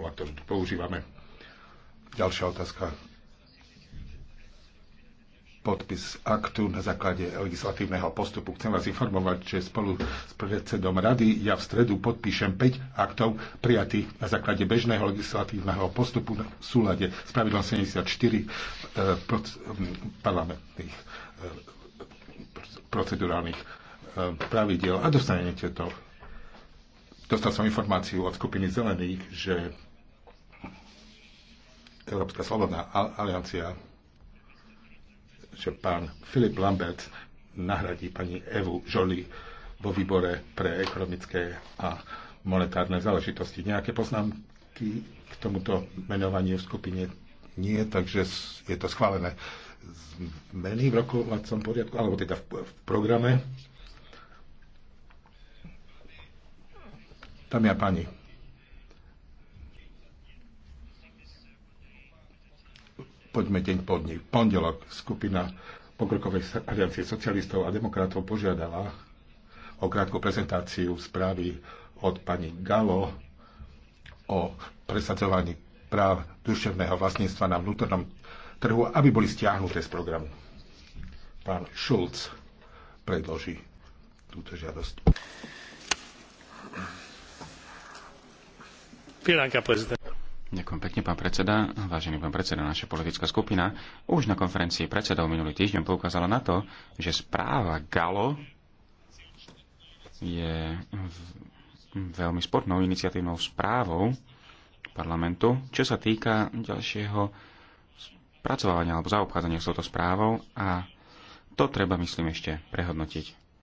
formula, ktorú tu používame. Ďalšia otázka. Podpis aktu na základe legislatívneho postupu. Chcem vás informovať, že spolu s predsedom rady ja v stredu podpíšem 5 aktov prijatých na základe bežného legislatívneho postupu v súlade s pravidlom 74 eh, mm, parlamentných eh, procedurálnych eh, pravidel a dostanete to Dostal som informáciu od skupiny zelených, že Európska slobodná aliancia, že pán Filip Lambert nahradí pani Evu Žoli vo výbore pre ekonomické a monetárne záležitosti. Nejaké poznámky k tomuto menovaniu v skupine nie, takže je to schválené zmeny v rokovacom poriadku, alebo teda v, v programe. Tam ja pani. poďme deň po dní. V pondelok skupina pokrokovej aliancie socialistov a demokratov požiadala o krátku prezentáciu správy od pani Galo o presadzovaní práv duševného vlastníctva na vnútornom trhu, aby boli stiahnuté z programu. Pán Šulc predloží túto žiadosť. Vielen Dank, Herr Präsident. Ďakujem pekne, pán predseda. Vážený pán predseda, naša politická skupina už na konferencii predsedov minulý týždeň poukázala na to, že správa Galo je veľmi spornou iniciatívnou správou parlamentu, čo sa týka ďalšieho spracovania alebo zaobchádzania s touto správou a to treba, myslím, ešte prehodnotiť.